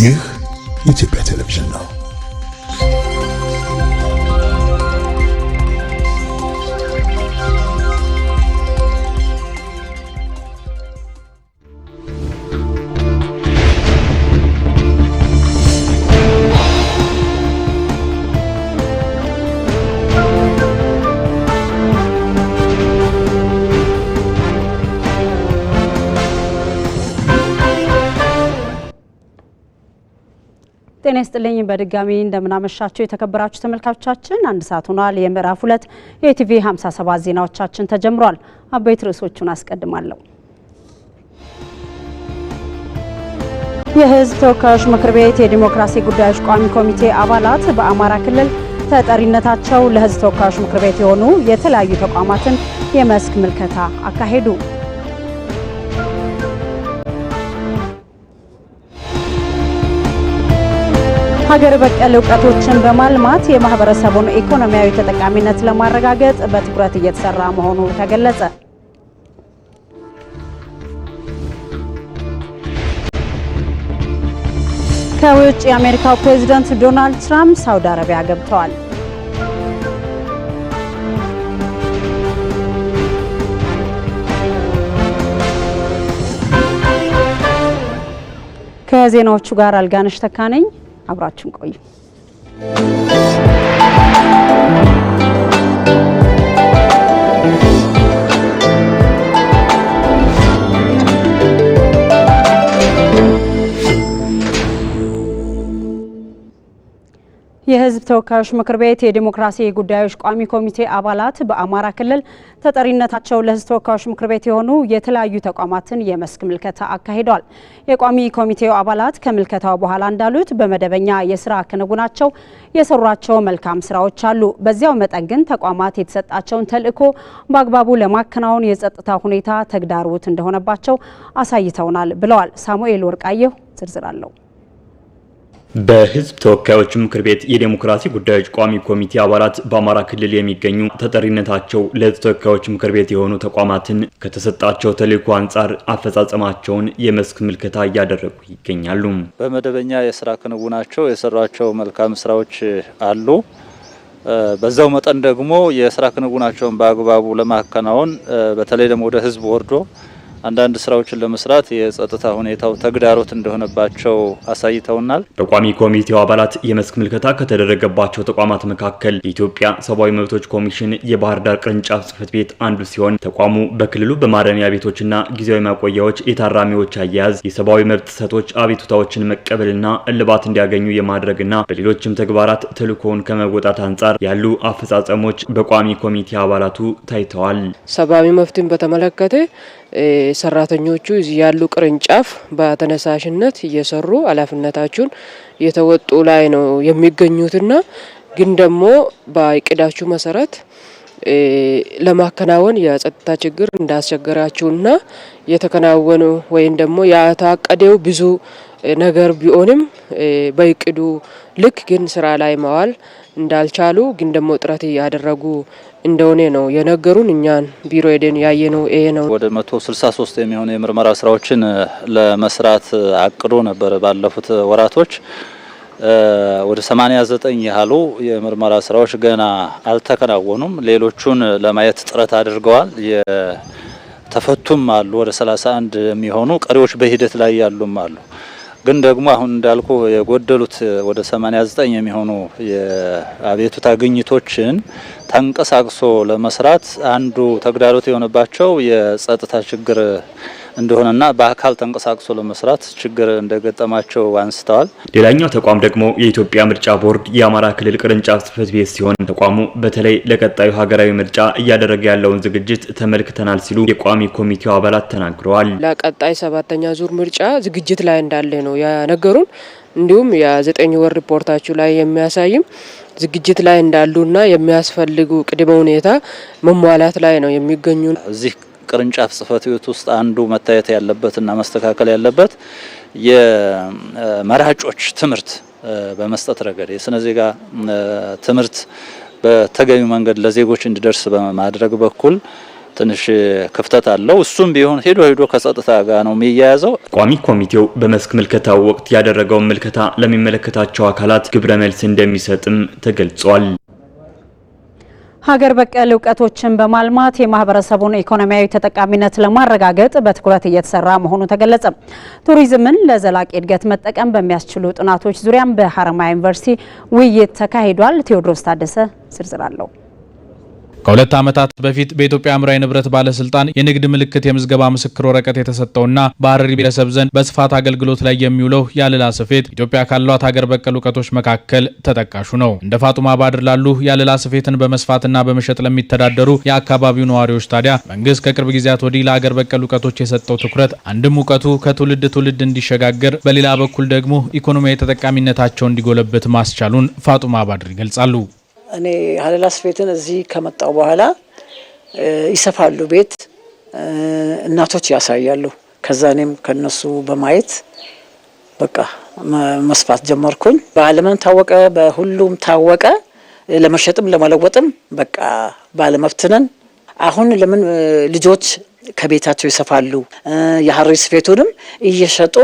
ይህ የኢትዮጵያ ቴሌቪዥን ነው። ጤና ይስጥልኝ በድጋሚ እንደምናመሻቸው የተከበራችሁ ተመልካቾቻችን፣ አንድ ሰዓት ሆኗል። የምዕራፍ ሁለት የኢቲቪ 57 ዜናዎቻችን ተጀምሯል። አበይት ርዕሶቹን አስቀድማለሁ። የሕዝብ ተወካዮች ምክር ቤት የዲሞክራሲ ጉዳዮች ቋሚ ኮሚቴ አባላት በአማራ ክልል ተጠሪነታቸው ለሕዝብ ተወካዮች ምክር ቤት የሆኑ የተለያዩ ተቋማትን የመስክ ምልከታ አካሄዱ። ሀገር በቀል እውቀቶችን በማልማት የማህበረሰቡን ኢኮኖሚያዊ ተጠቃሚነት ለማረጋገጥ በትኩረት እየተሰራ መሆኑ ተገለጸ። ከውጭ የአሜሪካው ፕሬዝዳንት ዶናልድ ትራምፕ ሳውዲ አረቢያ ገብተዋል። ከዜናዎቹ ጋር አልጋነሽ ተካነኝ አብራችን ቆዩ። የህዝብ ተወካዮች ምክር ቤት የዲሞክራሲ ጉዳዮች ቋሚ ኮሚቴ አባላት በአማራ ክልል ተጠሪነታቸው ለህዝብ ተወካዮች ምክር ቤት የሆኑ የተለያዩ ተቋማትን የመስክ ምልከታ አካሂዷል። የቋሚ ኮሚቴው አባላት ከምልከታው በኋላ እንዳሉት በመደበኛ የስራ ክንውናቸው የሰሯቸው መልካም ስራዎች አሉ። በዚያው መጠን ግን ተቋማት የተሰጣቸውን ተልዕኮ በአግባቡ ለማከናወን የጸጥታ ሁኔታ ተግዳሮት እንደሆነባቸው አሳይተውናል ብለዋል። ሳሙኤል ወርቃየሁ ዝርዝር አለው። በህዝብ ተወካዮች ምክር ቤት የዴሞክራሲ ጉዳዮች ቋሚ ኮሚቴ አባላት በአማራ ክልል የሚገኙ ተጠሪነታቸው ለህዝብ ተወካዮች ምክር ቤት የሆኑ ተቋማትን ከተሰጣቸው ተልዕኮ አንጻር አፈጻጸማቸውን የመስክ ምልከታ እያደረጉ ይገኛሉ። በመደበኛ የስራ ክንውናቸው የሰሯቸው መልካም ስራዎች አሉ። በዛው መጠን ደግሞ የስራ ክንውናቸውን በአግባቡ ለማከናወን በተለይ ደግሞ ወደ ህዝብ ወርዶ አንዳንድ ስራዎችን ለመስራት የጸጥታ ሁኔታው ተግዳሮት እንደሆነባቸው አሳይተውናል። በቋሚ ኮሚቴው አባላት የመስክ ምልከታ ከተደረገባቸው ተቋማት መካከል የኢትዮጵያ ሰብአዊ መብቶች ኮሚሽን የባህር ዳር ቅርንጫፍ ጽህፈት ቤት አንዱ ሲሆን ተቋሙ በክልሉ በማረሚያ ቤቶችና ጊዜያዊ ማቆያዎች የታራሚዎች አያያዝ፣ የሰብአዊ መብት ጥሰቶች አቤቱታዎችን መቀበልና እልባት እንዲያገኙ የማድረግና በሌሎችም ተግባራት ተልእኮውን ከመወጣት አንጻር ያሉ አፈጻጸሞች በቋሚ ኮሚቴ አባላቱ ታይተዋል። ሰብአዊ መብትን በተመለከተ ሰራተኞቹ ያሉ ቅርንጫፍ በተነሳሽነት እየሰሩ ኃላፊነታችሁን የተወጡ ላይ ነው የሚገኙትና ግን ደግሞ በእቅዳችሁ መሰረት ለማከናወን የጸጥታ ችግር እንዳስቸገራችሁና የተከናወኑ ወይም ደግሞ ያታቀደው ብዙ ነገር ቢሆንም በእቅዱ ልክ ግን ስራ ላይ ማዋል እንዳልቻሉ ግን ደግሞ ጥረት እያደረጉ እንደሆነ ነው የነገሩን። እኛን ቢሮ ሄደን ያየ ነው ይሄ ነው። ወደ 163 የሚሆኑ የምርመራ ስራዎችን ለመስራት አቅዶ ነበር ባለፉት ወራቶች ወደ 89 ያህሉ የምርመራ ስራዎች ገና አልተከናወኑም። ሌሎቹን ለማየት ጥረት አድርገዋል። የተፈቱም አሉ ወደ 31 የሚሆኑ ቀሪዎች በሂደት ላይ ያሉም አሉ። ግን ደግሞ አሁን እንዳልኩ የጎደሉት ወደ 89 የሚሆኑ የአቤቱታ ግኝቶችን ተንቀሳቅሶ ለመስራት አንዱ ተግዳሮት የሆነባቸው የጸጥታ ችግር እንደሆነና በአካል ተንቀሳቅሶ ለመስራት ችግር እንደገጠማቸው አንስተዋል። ሌላኛው ተቋም ደግሞ የኢትዮጵያ ምርጫ ቦርድ የአማራ ክልል ቅርንጫፍ ጽፈት ቤት ሲሆን ተቋሙ በተለይ ለቀጣዩ ሀገራዊ ምርጫ እያደረገ ያለውን ዝግጅት ተመልክተናል ሲሉ የቋሚ ኮሚቴው አባላት ተናግረዋል። ለቀጣይ ሰባተኛ ዙር ምርጫ ዝግጅት ላይ እንዳለ ነው የነገሩን። እንዲሁም የዘጠኝ ወር ሪፖርታችሁ ላይ የሚያሳይም ዝግጅት ላይ እንዳሉና የሚያስፈልጉ ቅድመ ሁኔታ መሟላት ላይ ነው የሚገኙ እዚህ ቅርንጫፍ ጽህፈት ቤት ውስጥ አንዱ መታየት ያለበትና መስተካከል ያለበት የመራጮች ትምህርት በመስጠት ረገድ የስነ ዜጋ ትምህርት በተገቢ መንገድ ለዜጎች እንዲደርስ በማድረግ በኩል ትንሽ ክፍተት አለው። እሱም ቢሆን ሄዶ ሄዶ ከጸጥታ ጋር ነው የሚያያዘው። ቋሚ ኮሚቴው በመስክ ምልከታው ወቅት ያደረገውን ምልከታ ለሚመለከታቸው አካላት ግብረ መልስ እንደሚሰጥም ተገልጿል። ሀገር በቀል እውቀቶችን በማልማት የማህበረሰቡን ኢኮኖሚያዊ ተጠቃሚነት ለማረጋገጥ በትኩረት እየተሰራ መሆኑ ተገለጸ። ቱሪዝምን ለዘላቂ እድገት መጠቀም በሚያስችሉ ጥናቶች ዙሪያም በሀረማያ ዩኒቨርሲቲ ውይይት ተካሂዷል። ቴዎድሮስ ታደሰ ዝርዝር አለው። ከሁለት ዓመታት በፊት በኢትዮጵያ አእምሯዊ ንብረት ባለስልጣን የንግድ ምልክት የምዝገባ ምስክር ወረቀት የተሰጠውና በሀረሪ ብሔረሰብ ዘንድ በስፋት አገልግሎት ላይ የሚውለው ያልላ ስፌት ኢትዮጵያ ካሏት ሀገር በቀል እውቀቶች መካከል ተጠቃሹ ነው። እንደ ፋጡማ ባድር ላሉ ያልላ ስፌትን በመስፋትና በመሸጥ ለሚተዳደሩ የአካባቢው ነዋሪዎች ታዲያ መንግስት ከቅርብ ጊዜያት ወዲህ ለሀገር በቀል እውቀቶች የሰጠው ትኩረት አንድም እውቀቱ ከትውልድ ትውልድ እንዲሸጋገር፣ በሌላ በኩል ደግሞ ኢኮኖሚያዊ ተጠቃሚነታቸው እንዲጎለብት ማስቻሉን ፋጡማ ባድር ይገልጻሉ። እኔ ሀለላስ ቤትን እዚህ ከመጣው በኋላ ይሰፋሉ ቤት እናቶች ያሳያሉ። ከዛ እኔም ከነሱ በማየት በቃ መስፋት ጀመርኩኝ። በዓለምም ታወቀ፣ በሁሉም ታወቀ። ለመሸጥም ለመለወጥም በቃ ባለመብት ነን። አሁን ለምን ልጆች ከቤታቸው ይሰፋሉ። የሀሪ ስፌቱንም እየሸጡ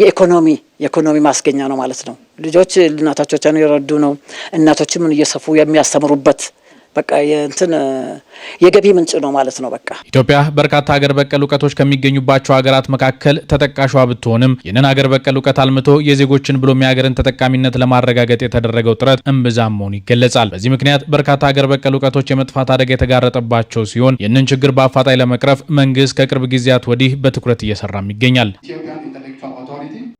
የኢኮኖሚ የኢኮኖሚ ማስገኛ ነው ማለት ነው። ልጆች እናቶቻቸውን የረዱ ነው። እናቶችም እየሰፉ የሚያስተምሩበት በቃ የእንትን የገቢ ምንጭ ነው ማለት ነው። በቃ ኢትዮጵያ በርካታ ሀገር በቀል እውቀቶች ከሚገኙባቸው ሀገራት መካከል ተጠቃሿ ብትሆንም ይህንን ሀገር በቀል እውቀት አልምቶ የዜጎችን ብሎም የሀገርን ተጠቃሚነት ለማረጋገጥ የተደረገው ጥረት እምብዛም መሆኑ ይገለጻል። በዚህ ምክንያት በርካታ ሀገር በቀል እውቀቶች የመጥፋት አደጋ የተጋረጠባቸው ሲሆን ይህንን ችግር በአፋጣኝ ለመቅረፍ መንግስት ከቅርብ ጊዜያት ወዲህ በትኩረት እየሰራም ይገኛል።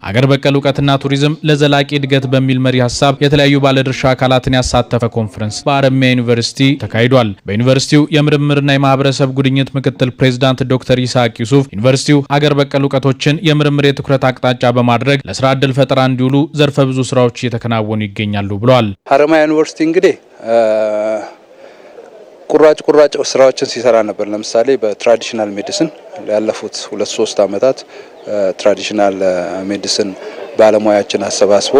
አገር በቀል እውቀትና ቱሪዝም ለዘላቂ እድገት በሚል መሪ ሀሳብ የተለያዩ ባለድርሻ አካላትን ያሳተፈ ኮንፈረንስ በአረሚያ ዩኒቨርሲቲ ተካሂዷል። በዩኒቨርሲቲው የምርምርና የማህበረሰብ ጉድኝት ምክትል ፕሬዚዳንት ዶክተር ይስሐቅ ዩሱፍ ዩኒቨርሲቲው አገር በቀል እውቀቶችን የምርምር የትኩረት አቅጣጫ በማድረግ ለስራ ዕድል ፈጠራ እንዲውሉ ዘርፈ ብዙ ስራዎች እየተከናወኑ ይገኛሉ ብለዋል። ሀረማያ ዩኒቨርሲቲ እንግዲህ ቁራጭ ቁራጭ ስራዎችን ሲሰራ ነበር። ለምሳሌ በትራዲሽናል ሜዲሲን ያለፉት ሁለት ሶስት አመታት ትራዲሽናል ሜዲሲን ባለሙያዎችን አሰባስቦ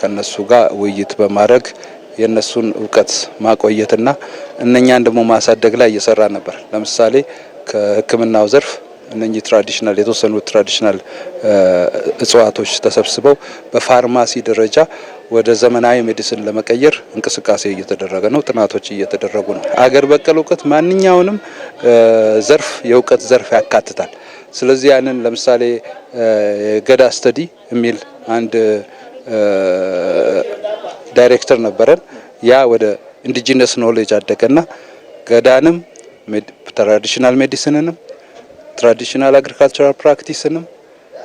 ከነሱ ጋር ውይይት በማድረግ የነሱን እውቀት ማቆየትና እነኛን ደግሞ ማሳደግ ላይ እየሰራ ነበር። ለምሳሌ ከሕክምናው ዘርፍ እነኚህ ትራዲሽናል የተወሰኑ ትራዲሽናል እጽዋቶች ተሰብስበው በፋርማሲ ደረጃ ወደ ዘመናዊ ሜዲሲን ለመቀየር እንቅስቃሴ እየተደረገ ነው። ጥናቶች እየተደረጉ ነው። አገር በቀል እውቀት ማንኛውንም ዘርፍ የእውቀት ዘርፍ ያካትታል። ስለዚህ ያንን ለምሳሌ ገዳ ስተዲ የሚል አንድ ዳይሬክተር ነበረን። ያ ወደ ኢንዲጂነስ ኖሌጅ አደገና ገዳንም ትራዲሽናል ሜዲሲንንም ትራዲሽናል አግሪካልቸራል ፕራክቲስንም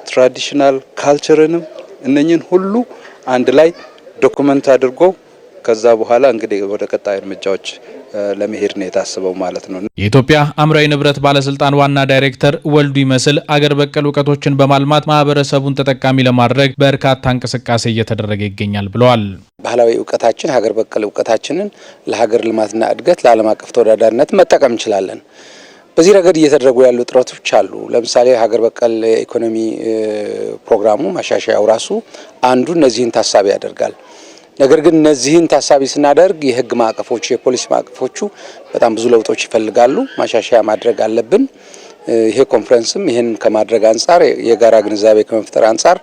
ትራዲሽናል ካልቸርንም እነኝን ሁሉ አንድ ላይ ዶክመንት አድርጎ ከዛ በኋላ እንግዲህ ወደ ቀጣይ እርምጃዎች ለመሄድ ነው የታስበው ማለት ነው። የኢትዮጵያ አእምሯዊ ንብረት ባለስልጣን ዋና ዳይሬክተር ወልዱ ይመስል አገር በቀል እውቀቶችን በማልማት ማህበረሰቡን ተጠቃሚ ለማድረግ በርካታ እንቅስቃሴ እየተደረገ ይገኛል ብለዋል። ባህላዊ እውቀታችን ሀገር በቀል እውቀታችንን ለሀገር ልማትና እድገት ለዓለም አቀፍ ተወዳዳሪነት መጠቀም እንችላለን። በዚህ ረገድ እየተደረጉ ያሉ ጥረቶች አሉ። ለምሳሌ ሀገር በቀል የኢኮኖሚ ፕሮግራሙ ማሻሻያው ራሱ አንዱ እነዚህን ታሳቢ ያደርጋል። ነገር ግን እነዚህን ታሳቢ ስናደርግ የህግ ማዕቀፎቹ የፖሊሲ ማዕቀፎቹ በጣም ብዙ ለውጦች ይፈልጋሉ። ማሻሻያ ማድረግ አለብን። ይሄ ኮንፈረንስም ይህን ከማድረግ አንጻር የጋራ ግንዛቤ ከመፍጠር አንጻር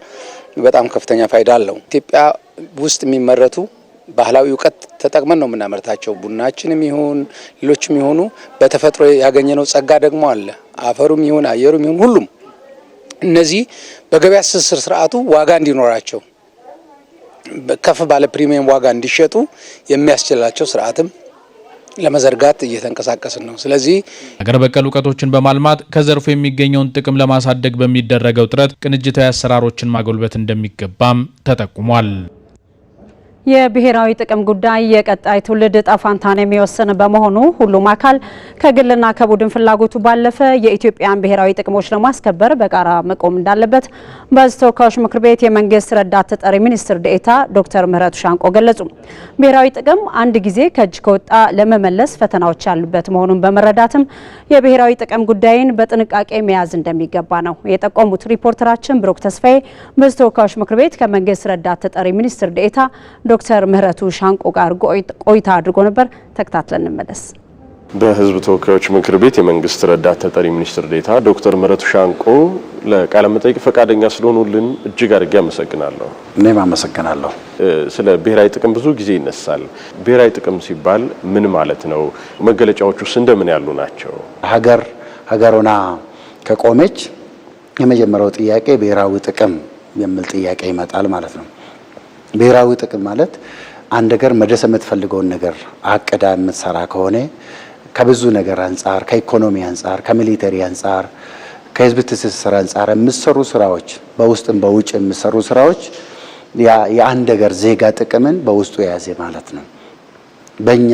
በጣም ከፍተኛ ፋይዳ አለው። ኢትዮጵያ ውስጥ የሚመረቱ ባህላዊ እውቀት ተጠቅመን ነው የምናመርታቸው። ቡናችንም ይሁን ሌሎችም ይሆኑ በተፈጥሮ ያገኘነው ጸጋ ደግሞ አለ። አፈሩም ይሁን አየሩም ይሁን ሁሉም እነዚህ በገበያ ትስስር ስርዓቱ ዋጋ እንዲኖራቸው ከፍ ባለ ፕሪሚየም ዋጋ እንዲሸጡ የሚያስችላቸው ስርዓትም ለመዘርጋት እየተንቀሳቀስን ነው። ስለዚህ ሀገር በቀል እውቀቶችን በማልማት ከዘርፉ የሚገኘውን ጥቅም ለማሳደግ በሚደረገው ጥረት ቅንጅታዊ አሰራሮችን ማጎልበት እንደሚገባም ተጠቁሟል። የብሔራዊ ጥቅም ጉዳይ የቀጣይ ትውልድ ዕጣ ፈንታን የሚወስን በመሆኑ ሁሉም አካል ከግልና ከቡድን ፍላጎቱ ባለፈ የኢትዮጵያን ብሔራዊ ጥቅሞች ለማስከበር በጋራ መቆም እንዳለበት በሕዝብ ተወካዮች ምክር ቤት የመንግስት ረዳት ተጠሪ ሚኒስትር ዴኤታ ዶክተር ምህረቱ ሻንቆ ገለጹ። ብሔራዊ ጥቅም አንድ ጊዜ ከእጅ ከወጣ ለመመለስ ፈተናዎች ያሉበት መሆኑን በመረዳትም የብሔራዊ ጥቅም ጉዳይን በጥንቃቄ መያዝ እንደሚገባ ነው የጠቆሙት። ሪፖርተራችን ብሩክ ተስፋዬ በሕዝብ ተወካዮች ምክር ቤት ከመንግስት ረዳት ተጠሪ ሚኒስትር ዴኤታ ከዶክተር ምህረቱ ሻንቆ ጋር ቆይታ አድርጎ ነበር። ተከታትለን እንመለስ። በህዝብ ተወካዮች ምክር ቤት የመንግስት ረዳት ተጠሪ ሚኒስትር ዴታ ዶክተር ምህረቱ ሻንቆ ለቃለ መጠይቅ ፈቃደኛ ስለሆኑልን እጅግ አድርጌ አመሰግናለሁ። እኔም አመሰግናለሁ። ስለ ብሔራዊ ጥቅም ብዙ ጊዜ ይነሳል። ብሔራዊ ጥቅም ሲባል ምን ማለት ነው? መገለጫዎች ውስጥ እንደምን ያሉ ናቸው? ሀገር ሀገር ከቆመች የመጀመሪያው ጥያቄ ብሔራዊ ጥቅም የሚል ጥያቄ ይመጣል ማለት ነው። ብሔራዊ ጥቅም ማለት አንድ ነገር መድረስ የምትፈልገውን ነገር አቅዳ የምትሰራ ከሆነ ከብዙ ነገር አንጻር፣ ከኢኮኖሚ አንጻር፣ ከሚሊተሪ አንጻር፣ ከህዝብ ትስስር አንጻር የምትሰሩ ስራዎች በውስጥም በውጭ የምትሰሩ ስራዎች የአንድ ሀገር ዜጋ ጥቅምን በውስጡ የያዘ ማለት ነው። በእኛ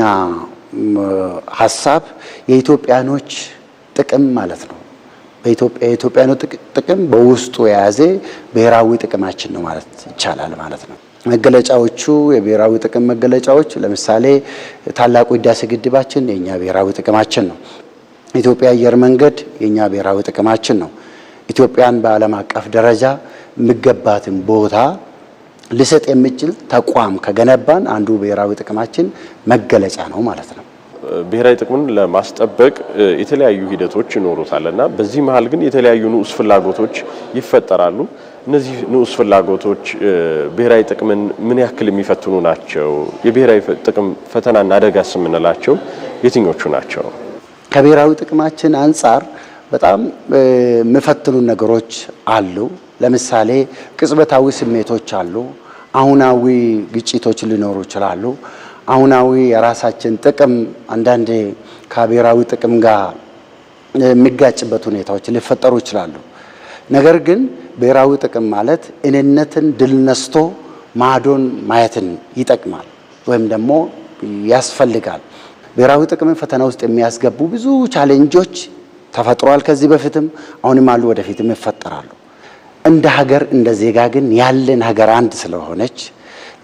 ሀሳብ የኢትዮጵያኖች ጥቅም ማለት ነው። የኢትዮጵያኖች ጥቅም በውስጡ የያዘ ብሔራዊ ጥቅማችን ነው ማለት ይቻላል ማለት ነው። መገለጫዎቹ የብሔራዊ ጥቅም መገለጫዎች ለምሳሌ ታላቁ ህዳሴ ግድባችን የእኛ ብሔራዊ ጥቅማችን ነው። ኢትዮጵያ አየር መንገድ የእኛ ብሔራዊ ጥቅማችን ነው። ኢትዮጵያን በዓለም አቀፍ ደረጃ የሚገባትን ቦታ ልሰጥ የሚችል ተቋም ከገነባን አንዱ ብሔራዊ ጥቅማችን መገለጫ ነው ማለት ነው። ብሔራዊ ጥቅምን ለማስጠበቅ የተለያዩ ሂደቶች ይኖሩታል እና በዚህ መሀል ግን የተለያዩ ንዑስ ፍላጎቶች ይፈጠራሉ። እነዚህ ንዑስ ፍላጎቶች ብሔራዊ ጥቅምን ምን ያክል የሚፈትኑ ናቸው? የብሔራዊ ጥቅም ፈተናና አደጋስ የምንላቸው የትኞቹ ናቸው? ከብሔራዊ ጥቅማችን አንጻር በጣም የሚፈትኑ ነገሮች አሉ። ለምሳሌ ቅጽበታዊ ስሜቶች አሉ። አሁናዊ ግጭቶች ሊኖሩ ይችላሉ። አሁናዊ የራሳችን ጥቅም አንዳንዴ ከብሔራዊ ጥቅም ጋር የሚጋጭበት ሁኔታዎች ሊፈጠሩ ይችላሉ። ነገር ግን ብሔራዊ ጥቅም ማለት እኔነትን ድል ነስቶ ማዶን ማየትን ይጠቅማል ወይም ደግሞ ያስፈልጋል። ብሔራዊ ጥቅምን ፈተና ውስጥ የሚያስገቡ ብዙ ቻሌንጆች ተፈጥሯል። ከዚህ በፊትም አሁንም አሉ፣ ወደፊትም ይፈጠራሉ። እንደ ሀገር እንደ ዜጋ ግን ያለን ሀገር አንድ ስለሆነች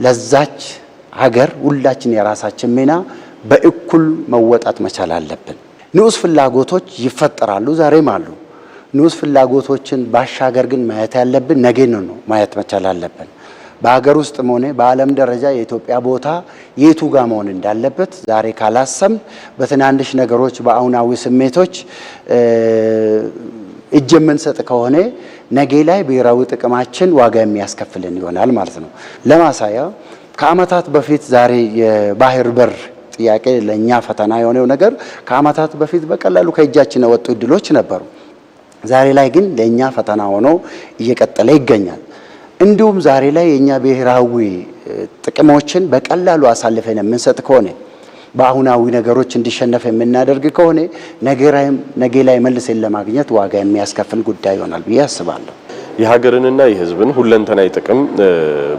ለዛች ሀገር ሁላችን የራሳችን ሚና በእኩል መወጣት መቻል አለብን። ንዑስ ፍላጎቶች ይፈጠራሉ፣ ዛሬም አሉ። ንዑስ ፍላጎቶችን ባሻገር ግን ማየት ያለብን ነገን ነው ማየት መቻል አለብን። በሀገር ውስጥ ሆነ በዓለም ደረጃ የኢትዮጵያ ቦታ የቱ ጋ መሆን እንዳለበት ዛሬ ካላሰም በትናንሽ ነገሮች በአሁናዊ ስሜቶች እጅ የምንሰጥ ከሆነ ነገ ላይ ብሔራዊ ጥቅማችን ዋጋ የሚያስከፍልን ይሆናል ማለት ነው። ለማሳያ ከዓመታት በፊት ዛሬ የባህር በር ጥያቄ ለእኛ ፈተና የሆነው ነገር ከዓመታት በፊት በቀላሉ ከእጃችን የወጡ እድሎች ነበሩ። ዛሬ ላይ ግን ለእኛ ፈተና ሆኖ እየቀጠለ ይገኛል። እንዲሁም ዛሬ ላይ የእኛ ብሔራዊ ጥቅሞችን በቀላሉ አሳልፈን የምንሰጥ ከሆነ በአሁናዊ ነገሮች እንዲሸነፍ የምናደርግ ከሆነ ነገ ላይ መልሰን ለማግኘት ዋጋ የሚያስከፍል ጉዳይ ይሆናል ብዬ አስባለሁ። የሀገርንና የሕዝብን ሁለንተናዊ ጥቅም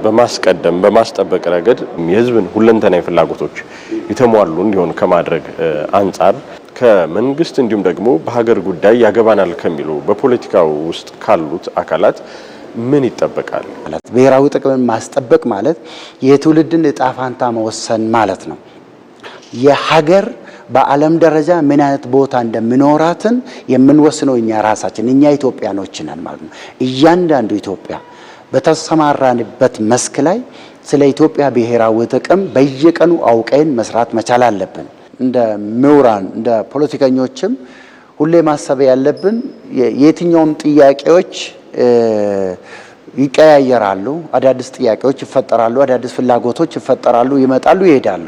በማስቀደም በማስጠበቅ ረገድ የሕዝብን ሁለንተናዊ ፍላጎቶች የተሟሉ እንዲሆን ከማድረግ አንጻር ከመንግስት እንዲሁም ደግሞ በሀገር ጉዳይ ያገባናል ከሚሉ በፖለቲካው ውስጥ ካሉት አካላት ምን ይጠበቃል? ብሔራዊ ጥቅምን ማስጠበቅ ማለት የትውልድን እጣ ፋንታ መወሰን ማለት ነው። የሀገር በዓለም ደረጃ ምን አይነት ቦታ እንደምኖራትን የምንወስነው እኛ ራሳችን እኛ ኢትዮጵያኖች ነን ማለት ነው። እያንዳንዱ ኢትዮጵያ በተሰማራንበት መስክ ላይ ስለ ኢትዮጵያ ብሔራዊ ጥቅም በየቀኑ አውቀን መስራት መቻል አለብን። እንደ ምሁራን እንደ ፖለቲከኞችም ሁሌ ማሰብ ያለብን የትኛውም ጥያቄዎች ይቀያየራሉ፣ አዳዲስ ጥያቄዎች ይፈጠራሉ፣ አዳዲስ ፍላጎቶች ይፈጠራሉ፣ ይመጣሉ፣ ይሄዳሉ።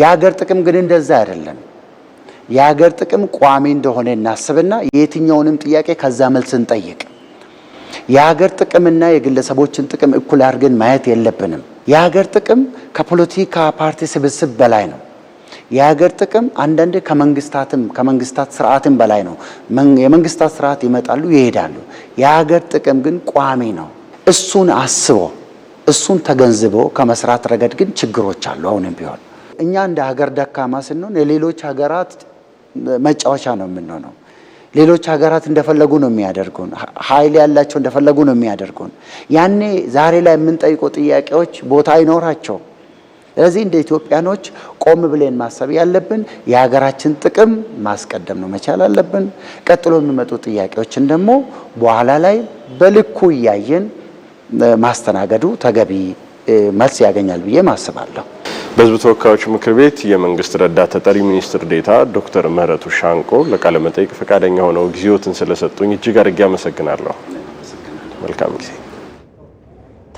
የሀገር ጥቅም ግን እንደዛ አይደለም። የሀገር ጥቅም ቋሚ እንደሆነ እናስብና የትኛውንም ጥያቄ ከዛ መልስ እንጠይቅ። የሀገር ጥቅምና የግለሰቦችን ጥቅም እኩል አድርገን ማየት የለብንም። የሀገር ጥቅም ከፖለቲካ ፓርቲ ስብስብ በላይ ነው። የሀገር ጥቅም አንዳንድ ከመንግስታትም ከመንግስታት ስርዓትም በላይ ነው። የመንግስታት ስርዓት ይመጣሉ ይሄዳሉ። የሀገር ጥቅም ግን ቋሚ ነው። እሱን አስቦ እሱን ተገንዝቦ ከመስራት ረገድ ግን ችግሮች አሉ። አሁንም ቢሆን እኛ እንደ ሀገር ደካማ ስንሆን የሌሎች ሀገራት መጫወቻ ነው የምንሆነው። ሌሎች ሀገራት እንደፈለጉ ነው የሚያደርጉን። ሀይል ያላቸው እንደፈለጉ ነው የሚያደርጉን። ያኔ ዛሬ ላይ የምንጠይቀው ጥያቄዎች ቦታ አይኖራቸው ስለዚህ እንደ ኢትዮጵያኖች ቆም ብለን ማሰብ ያለብን የሀገራችን ጥቅም ማስቀደም ነው መቻል አለብን። ቀጥሎ የሚመጡ ጥያቄዎችን ደግሞ በኋላ ላይ በልኩ እያየን ማስተናገዱ ተገቢ መልስ ያገኛል ብዬ ማስባለሁ። በህዝብ ተወካዮች ምክር ቤት የመንግስት ረዳት ተጠሪ ሚኒስትር ዴታ ዶክተር ምህረቱ ሻንቆ ለቃለ መጠይቅ ፈቃደኛ ሆነው ጊዜዎትን ስለሰጡኝ እጅግ አድርጌ አመሰግናለሁ። መልካም ጊዜ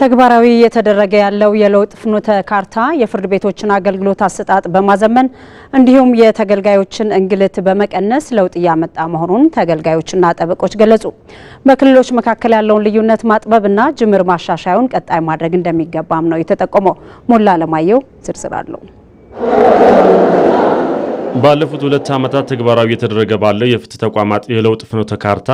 ተግባራዊ እየተደረገ ያለው የለውጥ ፍኖተ ካርታ የፍርድ ቤቶችን አገልግሎት አሰጣጥ በማዘመን እንዲሁም የተገልጋዮችን እንግልት በመቀነስ ለውጥ እያመጣ መሆኑን ተገልጋዮችና ጠበቆች ገለጹ። በክልሎች መካከል ያለውን ልዩነት ማጥበብና ጅምር ማሻሻያውን ቀጣይ ማድረግ እንደሚገባም ነው የተጠቆመው። ሞላ አለማየሁ ዝርዝር አለው። ባለፉት ሁለት ዓመታት ተግባራዊ የተደረገ ባለው የፍትህ ተቋማት የለውጥ ፍኖተ ካርታ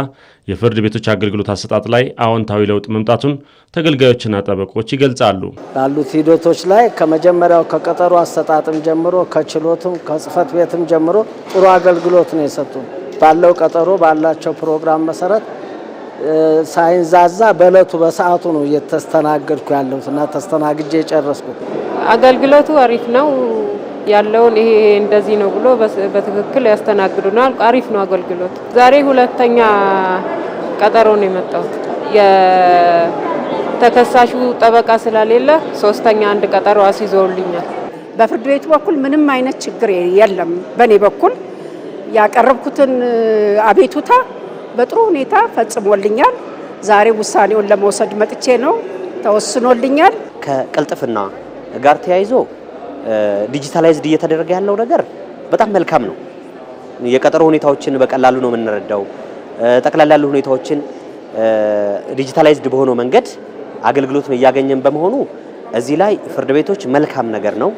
የፍርድ ቤቶች አገልግሎት አሰጣጥ ላይ አዎንታዊ ለውጥ መምጣቱን ተገልጋዮችና ጠበቆች ይገልጻሉ። ባሉት ሂደቶች ላይ ከመጀመሪያው ከቀጠሮ አሰጣጥም ጀምሮ ከችሎትም ከጽህፈት ቤትም ጀምሮ ጥሩ አገልግሎት ነው የሰጡ። ባለው ቀጠሮ ባላቸው ፕሮግራም መሰረት ሳይንዛዛ በእለቱ በሰዓቱ ነው እየተስተናገድኩ ያለሁት እና ተስተናግጄ የጨረስኩት። አገልግሎቱ አሪፍ ነው። ያለውን ይሄ እንደዚህ ነው ብሎ በትክክል ያስተናግዱናል። አሪፍ ነው አገልግሎት። ዛሬ ሁለተኛ ቀጠሮ ነው የመጣሁት። የተከሳሹ ጠበቃ ስለሌለ ሶስተኛ አንድ ቀጠሮ አስይዘውልኛል። በፍርድ ቤቱ በኩል ምንም አይነት ችግር የለም። በእኔ በኩል ያቀረብኩትን አቤቱታ በጥሩ ሁኔታ ፈጽሞልኛል። ዛሬ ውሳኔውን ለመውሰድ መጥቼ ነው፣ ተወስኖልኛል። ከቅልጥፍና ጋር ተያይዞ ዲጂታላይዝድ እየተደረገ ያለው ነገር በጣም መልካም ነው። የቀጠሮ ሁኔታዎችን በቀላሉ ነው የምንረዳው። ጠቅላላ ያሉ ሁኔታዎችን ዲጂታላይዝድ በሆነው መንገድ አገልግሎት እያገኘን በመሆኑ እዚህ ላይ ፍርድ ቤቶች መልካም ነገር ነው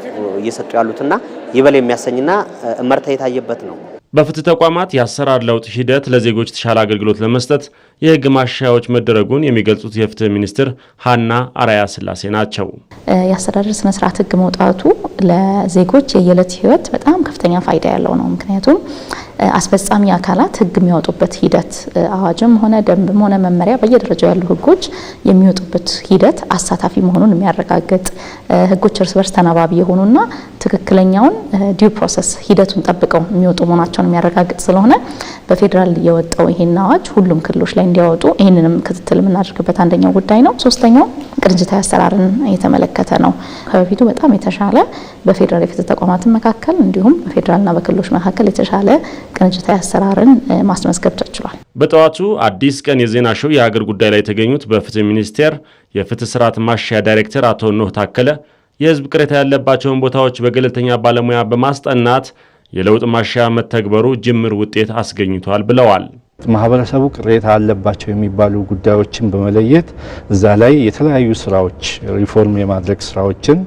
እየሰጡ ያሉትና ይበል የሚያሰኝና እመርታ የታየበት ነው። በፍትህ ተቋማት የአሰራር ለውጥ ሂደት ለዜጎች የተሻለ አገልግሎት ለመስጠት የህግ ማሻሻያዎች መደረጉን የሚገልጹት የፍትህ ሚኒስትር ሀና አራያ ስላሴ ናቸው። የአስተዳደር ስነስርዓት ህግ መውጣቱ ለዜጎች የየዕለት ህይወት በጣም ከፍተኛ ፋይዳ ያለው ነው። ምክንያቱም አስፈጻሚ አካላት ህግ የሚያወጡበት ሂደት አዋጅም ሆነ ደንብም ሆነ መመሪያ በየደረጃው ያሉ ህጎች የሚወጡበት ሂደት አሳታፊ መሆኑን የሚያረጋግጥ ህጎች እርስ በርስ ተናባቢ የሆኑና ትክክለኛውን ዲው ፕሮሰስ ሂደቱን ጠብቀው የሚወጡ መሆናቸውን የሚያረጋግጥ ስለሆነ በፌዴራል የወጣው ይሄን አዋጅ ሁሉም ክልሎች ላይ እንዲያወጡ ይህንንም ክትትል የምናደርግበት አንደኛው ጉዳይ ነው። ሶስተኛው ቅንጅታዊ አሰራርን የተመለከተ ነው። ከበፊቱ በጣም የተሻለ በፌዴራል የፍትህ ተቋማትን መካከል እንዲሁም በፌዴራልና በክልሎች መካከል የተሻለ ቅንጅታዊ አሰራርን ማስመዝገብ ተችሏል። በጠዋቱ አዲስ ቀን የዜና ሾው የሀገር ጉዳይ ላይ የተገኙት በፍትህ ሚኒስቴር የፍትህ ስርዓት ማሻያ ዳይሬክተር አቶ ኖህ ታከለ የህዝብ ቅሬታ ያለባቸውን ቦታዎች በገለልተኛ ባለሙያ በማስጠናት የለውጥ ማሻ መተግበሩ ጅምር ውጤት አስገኝቷል ብለዋል። ማህበረሰቡ ቅሬታ አለባቸው የሚባሉ ጉዳዮችን በመለየት እዛ ላይ የተለያዩ ስራዎች ሪፎርም የማድረግ ስራዎችን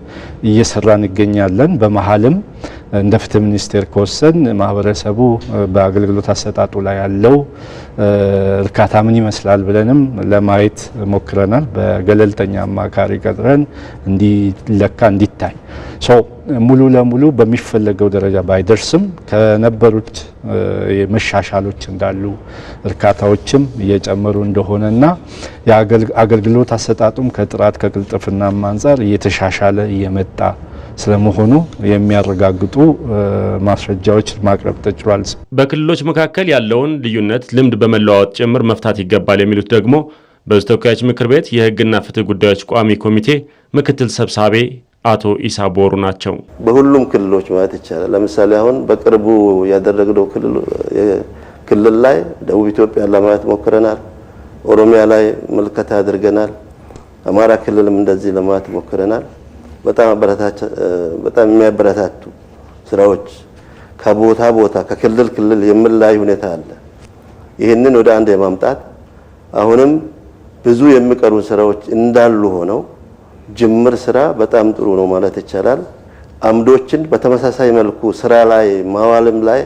እየሰራ እንገኛለን። በመሀልም እንደ ፍትህ ሚኒስቴር ከወሰን ማህበረሰቡ በአገልግሎት አሰጣጡ ላይ ያለው እርካታ ምን ይመስላል ብለንም ለማየት ሞክረናል። በገለልተኛ አማካሪ ቀጥረን እንዲለካ እንዲታይ ሙሉ ለሙሉ በሚፈለገው ደረጃ ባይደርስም ከነበሩት መሻሻሎች እንዳሉ እርካታዎችም እየጨመሩ እንደሆነና የአገልግሎት አሰጣጡም ከጥራት ከቅልጥፍናም አንጻር እየተሻሻለ እየመጣ ስለመሆኑ የሚያረጋግጡ ማስረጃዎች ማቅረብ ተችሏል። በክልሎች መካከል ያለውን ልዩነት ልምድ በመለዋወጥ ጭምር መፍታት ይገባል የሚሉት ደግሞ በሕዝብ ምክር ቤት የሕግና ፍትህ ጉዳዮች ቋሚ ኮሚቴ ምክትል ሰብሳቤ አቶ ኢሳ ቦሩ ናቸው። በሁሉም ክልሎች ማለት ይቻላል። ለምሳሌ አሁን በቅርቡ ያደረግነው ክልል ላይ ደቡብ ኢትዮጵያ ለማየት ሞክረናል። ኦሮሚያ ላይ ምልከታ አድርገናል። አማራ ክልልም እንደዚህ ለማየት ሞክረናል። በጣም የሚያበረታቱ ስራዎች ከቦታ ቦታ ከክልል ክልል የምላይ ሁኔታ አለ። ይህንን ወደ አንድ የማምጣት አሁንም ብዙ የሚቀሩ ስራዎች እንዳሉ ሆነው ጅምር ስራ በጣም ጥሩ ነው ማለት ይቻላል። አምዶችን በተመሳሳይ መልኩ ስራ ላይ ማዋልም ላይ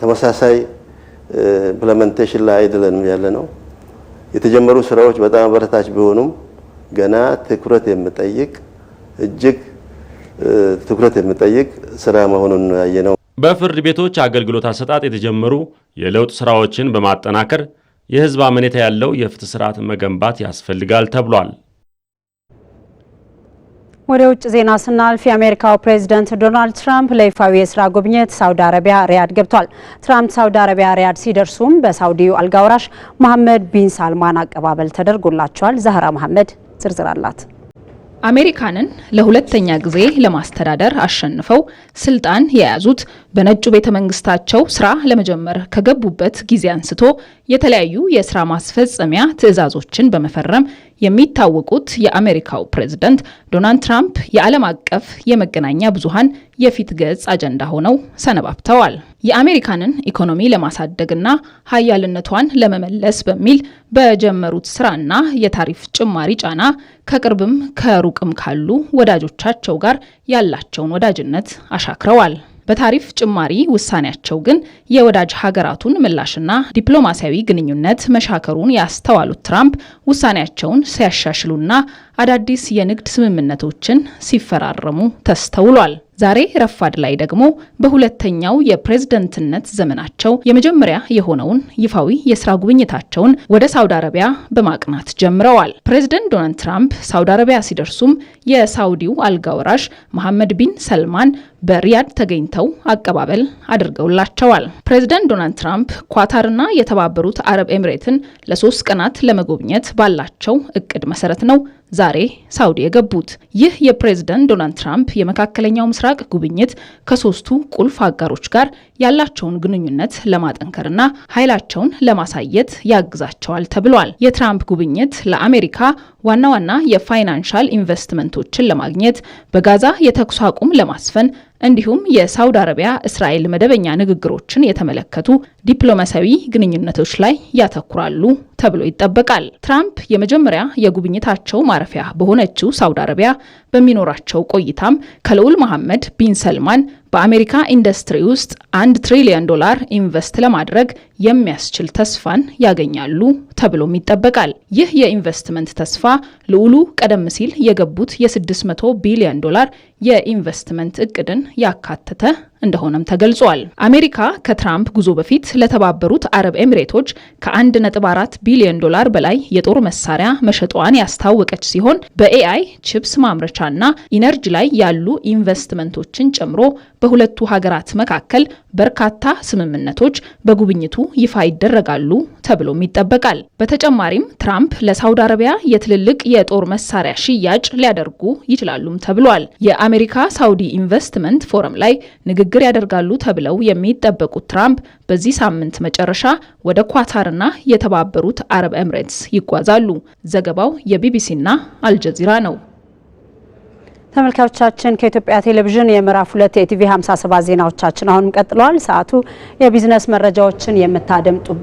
ተመሳሳይ ኢምፕለመንቴሽን ላይ አይደለንም ያለ ነው። የተጀመሩ ስራዎች በጣም አበረታች ቢሆኑም ገና ትኩረት የምጠይቅ እጅግ ትኩረት የሚጠይቅ ስራ መሆኑን ነው። በፍርድ ቤቶች አገልግሎት አሰጣጥ የተጀመሩ የለውጥ ስራዎችን በማጠናከር የህዝብ አመኔታ ያለው የፍትህ ስርዓት መገንባት ያስፈልጋል ተብሏል። ወደ ውጭ ዜና ስናልፍ የአሜሪካው ፕሬዚደንት ዶናልድ ትራምፕ ለይፋዊ የስራ ጉብኝት ሳውዲ አረቢያ ሪያድ ገብቷል። ትራምፕ ሳውዲ አረቢያ ሪያድ ሲደርሱም በሳውዲው አልጋውራሽ መሐመድ ቢን ሳልማን አቀባበል ተደርጎላቸዋል። ዛህራ መሐመድ ዝርዝር አላት። አሜሪካንን ለሁለተኛ ጊዜ ለማስተዳደር አሸንፈው ስልጣን የያዙት በነጩ ቤተ መንግስታቸው ስራ ለመጀመር ከገቡበት ጊዜ አንስቶ የተለያዩ የስራ ማስፈጸሚያ ትዕዛዞችን በመፈረም የሚታወቁት የአሜሪካው ፕሬዝደንት ዶናልድ ትራምፕ የዓለም አቀፍ የመገናኛ ብዙሃን የፊት ገጽ አጀንዳ ሆነው ሰነባብተዋል። የአሜሪካንን ኢኮኖሚ ለማሳደግና ሀያልነቷን ለመመለስ በሚል በጀመሩት ስራና የታሪፍ ጭማሪ ጫና ከቅርብም ከሩቅም ካሉ ወዳጆቻቸው ጋር ያላቸውን ወዳጅነት አሻክረዋል። በታሪፍ ጭማሪ ውሳኔያቸው ግን የወዳጅ ሀገራቱን ምላሽና ዲፕሎማሲያዊ ግንኙነት መሻከሩን ያስተዋሉት ትራምፕ ውሳኔያቸውን ሲያሻሽሉና አዳዲስ የንግድ ስምምነቶችን ሲፈራረሙ ተስተውሏል። ዛሬ ረፋድ ላይ ደግሞ በሁለተኛው የፕሬዝደንትነት ዘመናቸው የመጀመሪያ የሆነውን ይፋዊ የስራ ጉብኝታቸውን ወደ ሳውዲ አረቢያ በማቅናት ጀምረዋል። ፕሬዝደንት ዶናልድ ትራምፕ ሳውዲ አረቢያ ሲደርሱም የሳውዲው አልጋወራሽ መሐመድ ቢን ሰልማን በሪያድ ተገኝተው አቀባበል አድርገውላቸዋል። ፕሬዝደንት ዶናልድ ትራምፕ ኳታርና የተባበሩት አረብ ኤምሬትን ለሶስት ቀናት ለመጎብኘት ባላቸው እቅድ መሰረት ነው ዛሬ ሳውዲ የገቡት። ይህ የፕሬዝደንት ዶናልድ ትራምፕ የመካከለኛው ምስራቅ ጉብኝት ከሶስቱ ቁልፍ አጋሮች ጋር ያላቸውን ግንኙነት ለማጠንከርና ኃይላቸውን ለማሳየት ያግዛቸዋል ተብሏል። የትራምፕ ጉብኝት ለአሜሪካ ዋና ዋና የፋይናንሻል ኢንቨስትመንቶችን ለማግኘት በጋዛ የተኩስ አቁም ለማስፈን እንዲሁም የሳውዲ አረቢያ እስራኤል መደበኛ ንግግሮችን የተመለከቱ ዲፕሎማሲያዊ ግንኙነቶች ላይ ያተኩራሉ ተብሎ ይጠበቃል። ትራምፕ የመጀመሪያ የጉብኝታቸው ማረፊያ በሆነችው ሳውዲ አረቢያ በሚኖራቸው ቆይታም ከልዑል መሐመድ ቢን ሰልማን በአሜሪካ ኢንዱስትሪ ውስጥ አንድ ትሪሊዮን ዶላር ኢንቨስት ለማድረግ የሚያስችል ተስፋን ያገኛሉ ተብሎም ይጠበቃል። ይህ የኢንቨስትመንት ተስፋ ልዑሉ ቀደም ሲል የገቡት የ600 ቢሊዮን ዶላር የኢንቨስትመንት እቅድን ያካተተ እንደሆነም ተገልጿል። አሜሪካ ከትራምፕ ጉዞ በፊት ለተባበሩት አረብ ኤምሬቶች ከ1.4 ቢሊዮን ዶላር በላይ የጦር መሳሪያ መሸጧን ያስታወቀች ሲሆን በኤአይ ቺፕስ ማምረቻና ኢነርጂ ላይ ያሉ ኢንቨስትመንቶችን ጨምሮ በሁለቱ ሀገራት መካከል በርካታ ስምምነቶች በጉብኝቱ ይፋ ይደረጋሉ ተብሎም ይጠበቃል። በተጨማሪም ትራምፕ ለሳውዲ አረቢያ የትልልቅ የጦር መሳሪያ ሽያጭ ሊያደርጉ ይችላሉም ተብሏል። የአሜሪካ ሳውዲ ኢንቨስትመንት ፎረም ላይ ንግግር ንግግር ያደርጋሉ ተብለው የሚጠበቁት ትራምፕ በዚህ ሳምንት መጨረሻ ወደ ኳታርና የተባበሩት አረብ ኤምሬትስ ይጓዛሉ። ዘገባው የቢቢሲና አልጀዚራ ነው። ተመልካዮቻችን ከኢትዮጵያ ቴሌቪዥን የምዕራፍ ሁለት የቲቪ 57 ዜናዎቻችን አሁንም ቀጥለዋል። ሰዓቱ የቢዝነስ መረጃዎችን የምታደምጡ